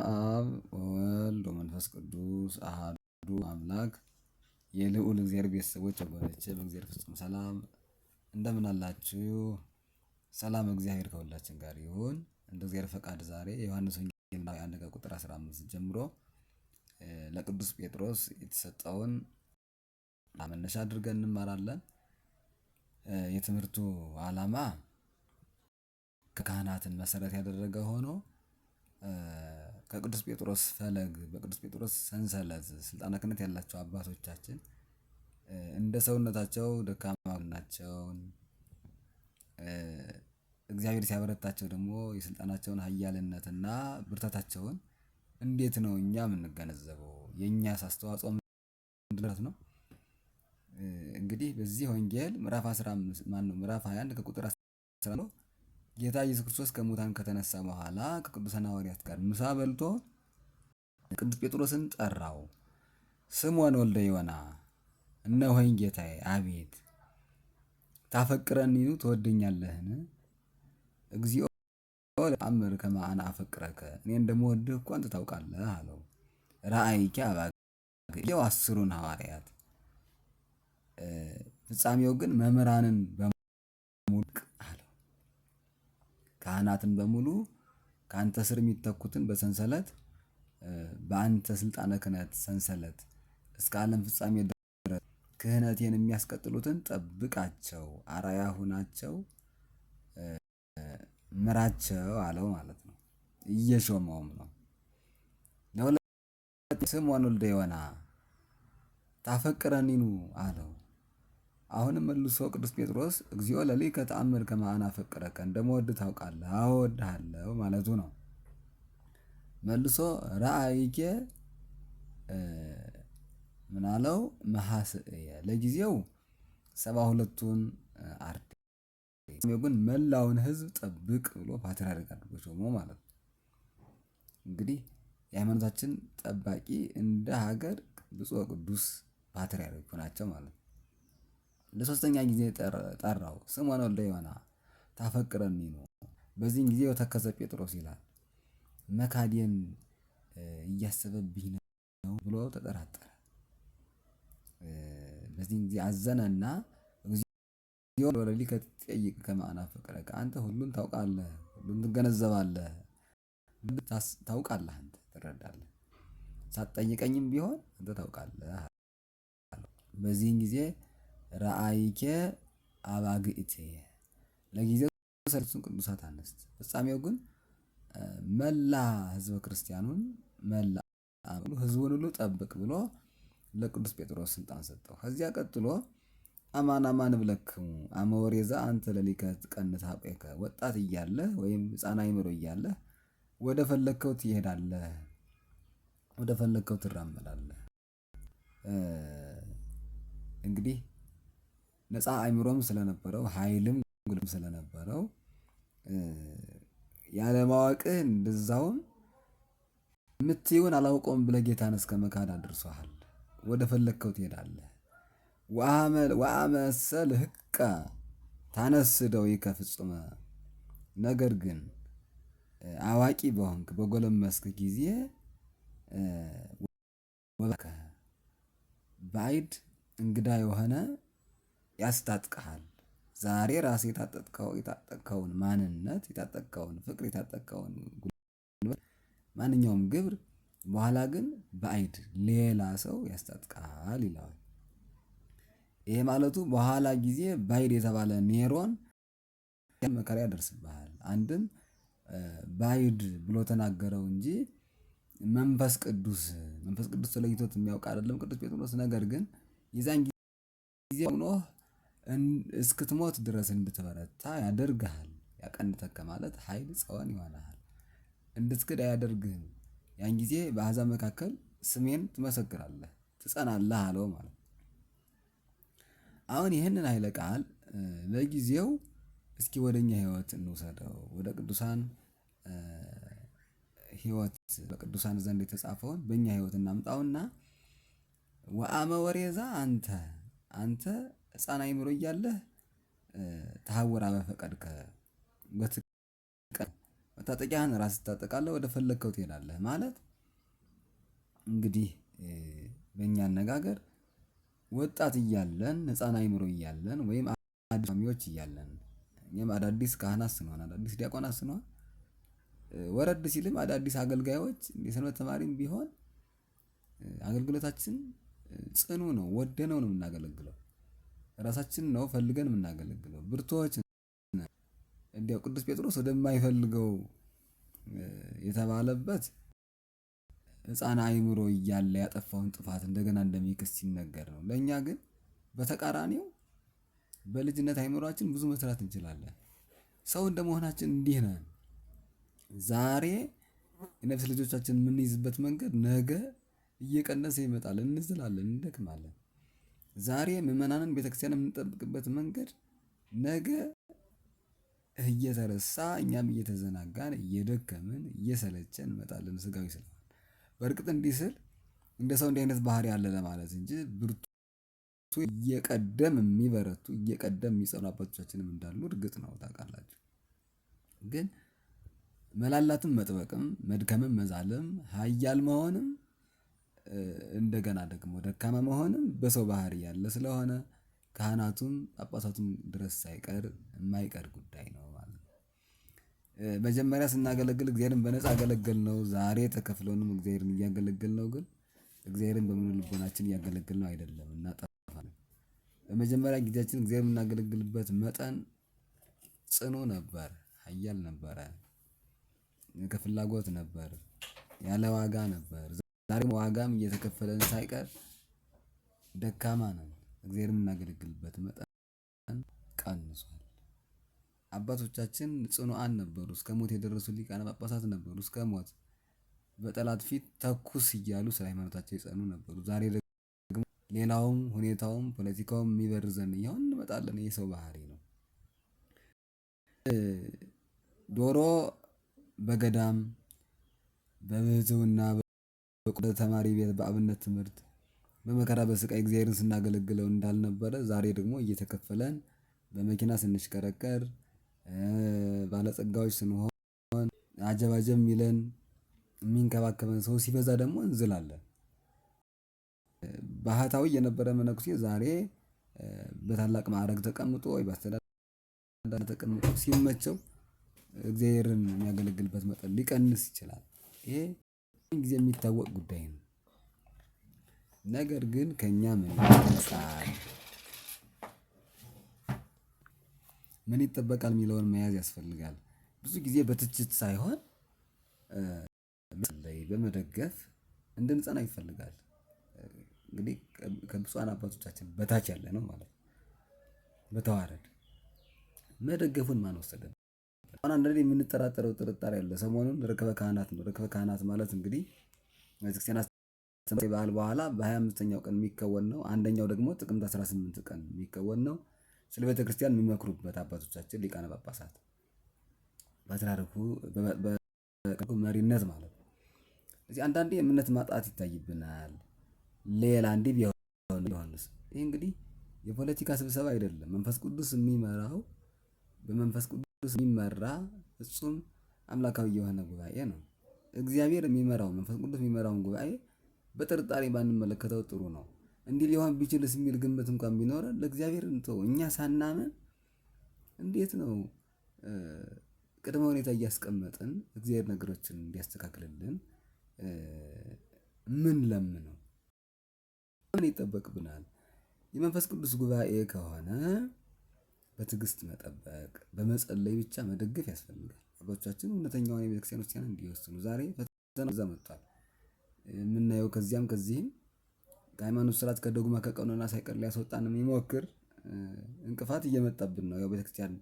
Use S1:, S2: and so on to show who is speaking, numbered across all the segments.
S1: አብ ወልድ ወመንፈስ ቅዱስ አሃዱ አምላክ የልዑል እግዚአብሔር ቤተሰቦች ወገኖቼ በእግዚአብሔር ፍጹም ሰላም እንደምን አላችሁ? ሰላም እግዚአብሔር ከሁላችን ጋር ይሁን። እንደ እግዚአብሔር ፈቃድ ዛሬ የዮሐንስ ወንጌል ምዕራፍ አንድ ከቁጥር 15 ጀምሮ ለቅዱስ ጴጥሮስ የተሰጠውን መነሻ አድርገን እንማራለን። የትምህርቱ ዓላማ ከካህናትን መሰረት ያደረገ ሆኖ ከቅዱስ ጴጥሮስ ፈለግ በቅዱስ ጴጥሮስ ሰንሰለት ስልጣነ ክህነት ያላቸው አባቶቻችን እንደ ሰውነታቸው ደካማ ናቸው። እግዚአብሔር ሲያበረታቸው ደግሞ የስልጣናቸውን ኃያልነትና ብርታታቸውን እንዴት ነው እኛ የምንገነዘበው? የእኛስ አስተዋጽኦ ምንድነት ነው? እንግዲህ በዚህ ወንጌል ምዕራፍ 15 ማነው ምዕራፍ 21 ከቁጥር 10 ጌታ ኢየሱስ ክርስቶስ ከሙታን ከተነሳ በኋላ ከቅዱሳን ሐዋርያት ጋር ምሳ በልቶ ቅዱስ ጴጥሮስን ጠራው። ስምዖን ወልደ ዮና እነሆኝ ጌታዬ፣ አቤት። ታፈቅረኒኑ ትወደኛለህን? እግዚኦ ለአምር ከማአን አፈቅረከ፣ እኔ እንደምወድህ እኮ አንተ ታውቃለህ አለው። ራእይኪ አባግዕ አስሩን ሐዋርያት ፍጻሜው ግን መምህራንን ካህናትን በሙሉ ከአንተ ስር የሚተኩትን በሰንሰለት በአንተ ስልጣነ ክህነት ሰንሰለት እስከ ዓለም ፍጻሜ ድረስ ክህነቴን የሚያስቀጥሉትን ጠብቃቸው፣ አራያ ሁናቸው፣ ምራቸው አለው ማለት ነው። እየሾመውም ነው። ለሁለት ስምዖን ወልደ ዮና ታፈቅረኒኑ አለው። አሁንም መልሶ ቅዱስ ጴጥሮስ እግዚኦ ለልዕከ ከተአምር ከመ ፈቀረከ እንደምወድ እንደምወድህ ታውቃለህ፣ አዎ ማለቱ ነው። መልሶ ረአይኬ ምናለው መሐስየ ለጊዜው ሰባ ሁለቱን አርድእት ግን መላውን ህዝብ ጠብቅ ብሎ ፓትርያርክ አድርጎ ሾሞ ማለት ነው። እንግዲህ የሃይማኖታችን ጠባቂ እንደ ሀገር ብፁዕ ቅዱስ ፓትርያርኩ ናቸው ማለት ነው። ለሶስተኛ ጊዜ ጠራው፣ ስምዖን ወልደ ዮና ታፈቅረኒ ነው። በዚህን ጊዜ ወተከዘ ጴጥሮስ ይላል። መካዴን እያሰበብኝ ነው ብሎ ተጠራጠረ። በዚህን ጊዜ አዘነና ወለሊ ከትጠይቅ ከማናፍቅረከ ከአንተ ሁሉን ታውቃለህ፣ ሁሉን ትገነዘባለህ፣ ታውቃለህ፣ አንተ ትረዳለህ፣ ሳትጠይቀኝም ቢሆን አንተ ታውቃለህ። በዚህን ጊዜ ረአይኬ አባግእትየ ለጊዜው ሰልሱን ቅዱሳት አንስት ፍጻሜው ግን መላ ህዝበ ክርስቲያኑን መላ ህዝቡን ሁሉ ጠብቅ ብሎ ለቅዱስ ጴጥሮስ ስልጣን ሰጠው። ከዚያ ቀጥሎ አማን አማን እብለክሙ አመወሬዛ አንተ ለሊከ ትቀንት ሀቄከ ወጣት እያለ ወይም ህፃን አይምሮ እያለ ወደ ፈለግከው ትሄዳለህ፣ ወደ ፈለግከው ትራመዳለህ። እንግዲህ ነፃ አይምሮም ስለነበረው ኃይልም ጉልም ስለነበረው ያለማወቅህ እንደዛውም የምትይውን አላውቀውም ብለህ ጌታን እስከ መካድ አድርሶሃል። ወደ ፈለግከው ትሄዳለህ። ወአመሰል ህቀ ታነስደው ይከ ነገር ግን አዋቂ በሆንክ በጎለመስክ ጊዜ ወበከ ባዕድ እንግዳ የሆነ ያስታጥቀሃል። ዛሬ ራስ የታጠጥከው የታጠቅከውን ማንነት የታጠቅከውን ፍቅር የታጠቅከውን ጉልበት ማንኛውም ግብር በኋላ ግን በአይድ ሌላ ሰው ያስታጥቃል ይለዋል። ይሄ ማለቱ በኋላ ጊዜ ባይድ የተባለ ኔሮን መከራ ያደርስብሃል። አንድም ባይድ ብሎ ተናገረው እንጂ መንፈስ ቅዱስ መንፈስ ቅዱስ ተለይቶት የሚያውቅ አይደለም ቅዱስ ጴጥሮስ። ነገር ግን የዛን ጊዜ ኖህ እስክትሞት ድረስ እንድትበረታ ያደርግሃል። ያቀንተከ ማለት ኃይል ጸወን ይሆናል። እንድትክድ አያደርግህም። ያን ጊዜ በአሕዛብ መካከል ስሜን ትመሰክራለህ፣ ትጸናለህ አለው ማለት አሁን ይህንን ኃይለ ቃል ለጊዜው እስኪ ወደኛ ህይወት እንውሰደው። ወደ ቅዱሳን ህይወት በቅዱሳን ዘንድ የተጻፈውን በእኛ ህይወት እናምጣውና ወአመ ወሬዛ አንተ አንተ ሕፃን አይምሮ እያለህ ተሐውር በፈቀድከ መታጠቂያህን ራስ ትታጠቃለህ፣ ወደ ፈለግከው ትሄዳለህ ማለት እንግዲህ በእኛ አነጋገር ወጣት እያለን ሕፃን አይምሮ እያለን ወይም አዲስ እያለን እኛም አዳዲስ ካህናት ስንሆን አዳዲስ ዲያቆናት ስንሆን ወረድ ሲልም አዳዲስ አገልጋዮች የሰንበት ተማሪም ቢሆን አገልግሎታችን ጽኑ ነው። ወደነው ነው የምናገለግለው። ራሳችን ነው ፈልገን የምናገለግለው ብርቶች እንዲያው ቅዱስ ጴጥሮስ ወደማይፈልገው የተባለበት ሕፃን አይምሮ እያለ ያጠፋውን ጥፋት እንደገና እንደሚክስ ሲነገር ነው። ለእኛ ግን በተቃራኒው በልጅነት አእምሯችን ብዙ መስራት እንችላለን። ሰው እንደመሆናችን እንዲህ ነን። ዛሬ የነፍስ ልጆቻችን የምንይዝበት መንገድ ነገ እየቀነሰ ይመጣል። እንዝላለን፣ እንደክማለን። ዛሬ ምዕመናንን ቤተክርስቲያን የምንጠብቅበት መንገድ ነገ እየተረሳ እኛም እየተዘናጋን እየደከምን እየሰለቸን እንመጣለን። ስጋዊ ስለሆነ በእርግጥ እንዲህ ስል እንደ ሰው እንዲህ አይነት ባህሪ ያለ ለማለት እንጂ ብርቱ እየቀደም የሚበረቱ እየቀደም የሚጸኑ አባቶቻችንም እንዳሉ እርግጥ ነው፣ ታውቃላችሁ። ግን መላላትም መጥበቅም መድከምም መዛለም ሀያል መሆንም እንደገና ደግሞ ደካማ መሆንም በሰው ባህሪ ያለ ስለሆነ ካህናቱም ጳጳሳቱም ድረስ ሳይቀር የማይቀር ጉዳይ ነው ማለት ነው። መጀመሪያ ስናገለግል እግዚአብሔርን በነፃ ነው። ዛሬ ተከፍሎንም እግዚአብሔርን ነው። ግን እግዚአብሔርን በሙሉ ልቦናችን ነው አይደለም እና ጠፋን። በመጀመሪያ ጊዜያችን እግዚአብሔር የምናገለግልበት መጠን ጽኑ ነበር፣ ኃያል ነበረ፣ ከፍላጎት ነበር፣ ያለ ዋጋ ነበር። ዛሬም ዋጋም እየተከፈለን ሳይቀር ደካማ ነን። እግዚአብሔር የምናገለግልበት መጠን ቀንሷል። አባቶቻችን ጽኑዓን ነበሩ። እስከ ሞት የደረሱ ሊቃነ ጳጳሳት ነበሩ። እስከ ሞት በጠላት ፊት ተኩስ እያሉ ስለ ሃይማኖታቸው የጸኑ ነበሩ። ዛሬ ደግሞ ሌላውም ሁኔታውም ፖለቲካውም የሚበርዘን እያሁን እንመጣለን። ይህ ሰው ባህሪ ነው። ዶሮ በገዳም በብሕትውና በተማሪ ቤት በአብነት ትምህርት በመከራ በስቃይ እግዚአብሔርን ስናገለግለው እንዳልነበረ ዛሬ ደግሞ እየተከፈለን በመኪና ስንሽከረከር ባለጸጋዎች ስንሆን አጀባጀብ የሚለን የሚንከባከበን ሰው ሲበዛ ደግሞ እንዝላለን። ባህታዊ የነበረ መነኩሴ ዛሬ በታላቅ ማዕረግ ተቀምጦ ወይ በአስተዳዳሪ ተቀምጦ ሲመቸው እግዚአብሔርን የሚያገለግልበት መጠን ሊቀንስ ይችላል። ይሄ ጊዜ የሚታወቅ ጉዳይ ነው። ነገር ግን ከእኛ ምን ይጠበቃል ምን ይጠበቃል የሚለውን መያዝ ያስፈልጋል። ብዙ ጊዜ በትችት ሳይሆን በመደገፍ እንድንጸና ይፈልጋል። እንግዲህ ከብፁዓን አባቶቻችን በታች ያለ ነው ማለት ነው። በተዋረድ መደገፉን ማን ወሰደ አሁን አንዳንዴ የምንጠራጠረው ጥርጣሬ አለ። ሰሞኑን ርክበ ካህናት ነው። ርክበ ካህናት ማለት እንግዲህ ቤተክርስቲያን በዓል በኋላ በ25ኛው ቀን የሚከወን ነው። አንደኛው ደግሞ ጥቅምት 18 ቀን የሚከወን ነው። ስለ ቤተ ክርስቲያን የሚመክሩበት አባቶቻችን ሊቃነ ጳጳሳት በትራርኩ መሪነት ማለት ነው። እዚህ አንዳንዴ እምነት ማጣት ይታይብናል። ሌላ እንዲህ ቢሆን ይህ እንግዲህ የፖለቲካ ስብሰባ አይደለም። መንፈስ ቅዱስ የሚመራው በመንፈስ ቅዱስ የሚመራ ፍጹም አምላካዊ የሆነ ጉባኤ ነው። እግዚአብሔር የሚመራው መንፈስ ቅዱስ የሚመራውን ጉባኤ በጥርጣሬ ባንመለከተው ጥሩ ነው። እንዲህ ሊሆን ቢችልስ የሚል ግምት እንኳን ቢኖረ ለእግዚአብሔር እንተው። እኛ ሳናምን እንዴት ነው ቅድመ ሁኔታ እያስቀመጥን እግዚአብሔር ነገሮችን እንዲያስተካክልልን ምን ለምነው? ምን ይጠበቅብናል? የመንፈስ ቅዱስ ጉባኤ ከሆነ በትዕግስት መጠበቅ፣ በመጸለይ ብቻ መደገፍ ያስፈልጋል። አባቶቻችን እውነተኛውን የቤተክርስቲያን ክርስቲያን እንዲወስኑ ዛሬ ፈተና ዛ መጥቷል የምናየው ከዚያም ከዚህም ከሃይማኖት ስርዓት ከዶግማ ከቀኖና ሳይቀር ሊያስወጣን የሚሞክር እንቅፋት እየመጣብን ነው። ያው ቤተክርስቲያን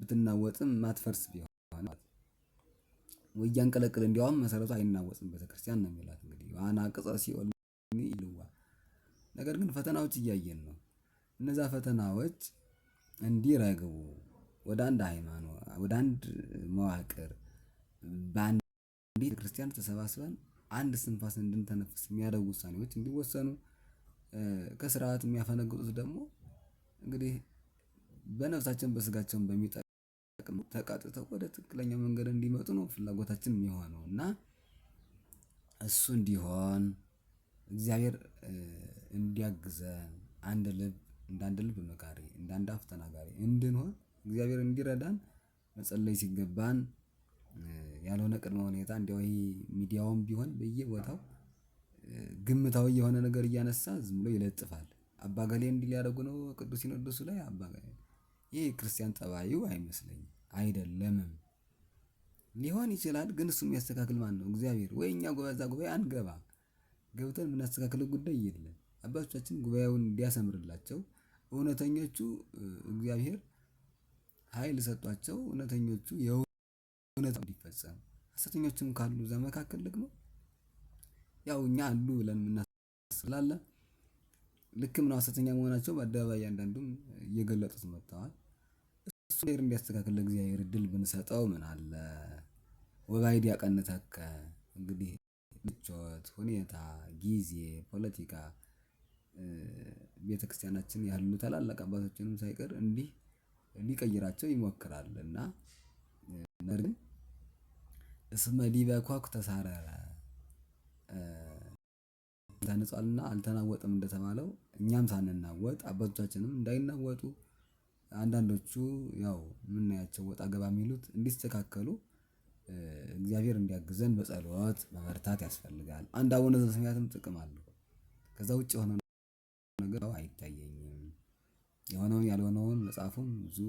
S1: ብትናወጥም ማትፈርስ ቢሆን ወያን ቀለቅል እንዲያውም መሰረቱ አይናወጥም ቤተክርስቲያን ነው የሚላት እንግዲህ ዋና ቅጸ ሲሆን ይልዋ። ነገር ግን ፈተናዎች እያየን ነው። እነዛ ፈተናዎች እንዲረግቡ ወደ አንድ ሃይማኖት ወደ አንድ መዋቅር በአንዲት ክርስቲያን ተሰባስበን አንድ ስንፋስ እንድንተነፍስ የሚያደርጉ ውሳኔዎች እንዲወሰኑ ከስርዓት የሚያፈነግጡት ደግሞ እንግዲህ በነፍሳችን በስጋቸውን በሚጠቅም ተቃጥተው ወደ ትክክለኛ መንገድ እንዲመጡ ነው ፍላጎታችን የሚሆነው እና እሱ እንዲሆን እግዚአብሔር እንዲያግዘን አንድ ልብ እንዳንድ ልብ መካሪ፣ እንዳንድ አንድ አፍ ተናጋሪ እንድንሆን እግዚአብሔር እንዲረዳን መጸለይ ሲገባን ያልሆነ ቅድመ ሁኔታ እንዲያው ይሄ ሚዲያውም ቢሆን በየቦታው ግምታዊ የሆነ ነገር እያነሳ ዝም ብሎ ይለጥፋል። አባገሌ ገሌ እንዲህ ሊያደርጉ ነው ቅዱስ ሲኖዶሱ ላይ አባ ይህ የክርስቲያን ጠባዩ አይመስለኝም፣ አይደለምም። ሊሆን ይችላል፣ ግን እሱ የሚያስተካክል ማን ነው? እግዚአብሔር ወይ እኛ ጎበዛ ጉባኤ አንገባ ገብተን የምናስተካክለው ጉዳይ የለም። አባቶቻችን ጉባኤውን እንዲያሰምርላቸው እውነተኞቹ እግዚአብሔር ኃይል ሰጧቸው። እውነተኞቹ የእውነት እንዲፈጸም ሐሰተኞችም ካሉ እዛ መካከል ደግሞ ያው እኛ አሉ ብለን የምናስላለን። ልክም ነው ሐሰተኛ መሆናቸው በአደባባይ አንዳንዱም እየገለጡት መጥተዋል። እሱ ነገር እንዲያስተካክል ለእግዚአብሔር እድል ብንሰጠው ምን አለ ወባይድ ያቀንተከ እንግዲህ ምቾት፣ ሁኔታ፣ ጊዜ፣ ፖለቲካ ቤተክርስቲያናችን ያሉ ታላላቅ አባቶችንም ሳይቀር እንዲህ ሊቀይራቸው ይሞክራል እና ነገር ግን እስመ ዲበ ኳኩ ተሳረረ ታንጿልና አልተናወጥም እንደተባለው እኛም ሳንናወጥ አባቶቻችንም እንዳይናወጡ አንዳንዶቹ ያው የምናያቸው ወጣ ገባ የሚሉት እንዲስተካከሉ እግዚአብሔር እንዲያግዘን በጸሎት መበርታት ያስፈልጋል። አንድ አቡነ ዘበሰማያትም ጥቅም አለው። ከዛ ውጭ የሆነ ነገር አይታየኝም። የሆነውን ያልሆነውን መጽሐፉም ብዙ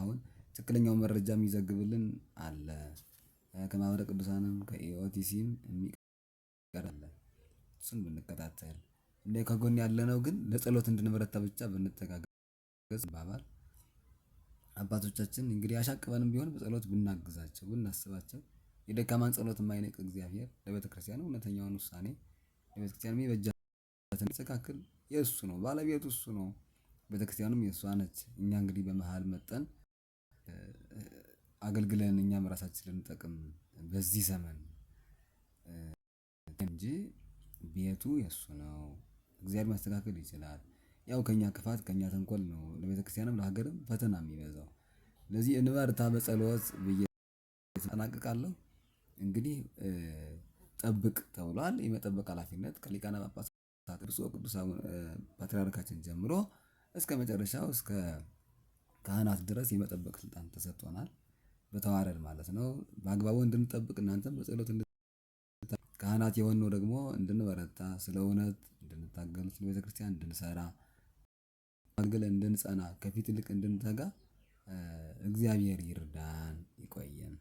S1: አሁን ትክክለኛው መረጃ የሚዘግብልን አለ። ከማህበረ ቅዱሳንም ከኢኦቲሲም የሚቀርለ አለ። እሱን ብንከታተል እንደ ከጎን ያለነው ግን ለጸሎት እንድንበረታ ብቻ ብንተጋገዝ ባባል አባቶቻችን እንግዲህ ያሻቅበንም ቢሆን በጸሎት ብናግዛቸው ብናስባቸው የደካማን ጸሎት የማይነቅ እግዚአብሔር ለቤተክርስቲያን እውነተኛውን ውሳኔ ለቤተክርስቲያን የሚበጃትን ስተካክል የእሱ ነው፣ ባለቤቱ እሱ ነው፣ ቤተክርስቲያኑም የእሷ ነች። እኛ እንግዲህ በመሀል መጠን አገልግለን እኛም ራሳችን ልንጠቅም በዚህ ዘመን እንጂ ቤቱ የእሱ ነው። እግዚአብሔር ማስተካከል ይችላል። ያው ከኛ ክፋት ከኛ ተንኮል ነው ለቤተክርስቲያንም ለሀገርም ፈተና የሚበዛው። ስለዚህ እንበርታ በጸሎት ብዬ ተጠናቅቃለሁ። እንግዲህ ጠብቅ ተብሏል። የመጠበቅ ኃላፊነት ከሊቃነ ጳጳሳት ቅርጾ ቅዱስ ፓትርያርካችን ጀምሮ እስከ መጨረሻው እስከ ካህናት ድረስ የመጠበቅ ስልጣን ተሰጥቶናል። በተዋረድ ማለት ነው። በአግባቡ እንድንጠብቅ እናንተም በጸሎት ካህናት የሆነው ደግሞ እንድንበረታ፣ ስለ እውነት እንድንታገል፣ ስለ ቤተክርስቲያን እንድንሰራ፣ ማግል እንድንጸና፣ ከፊት ይልቅ እንድንተጋ እግዚአብሔር ይርዳን። ይቆየን።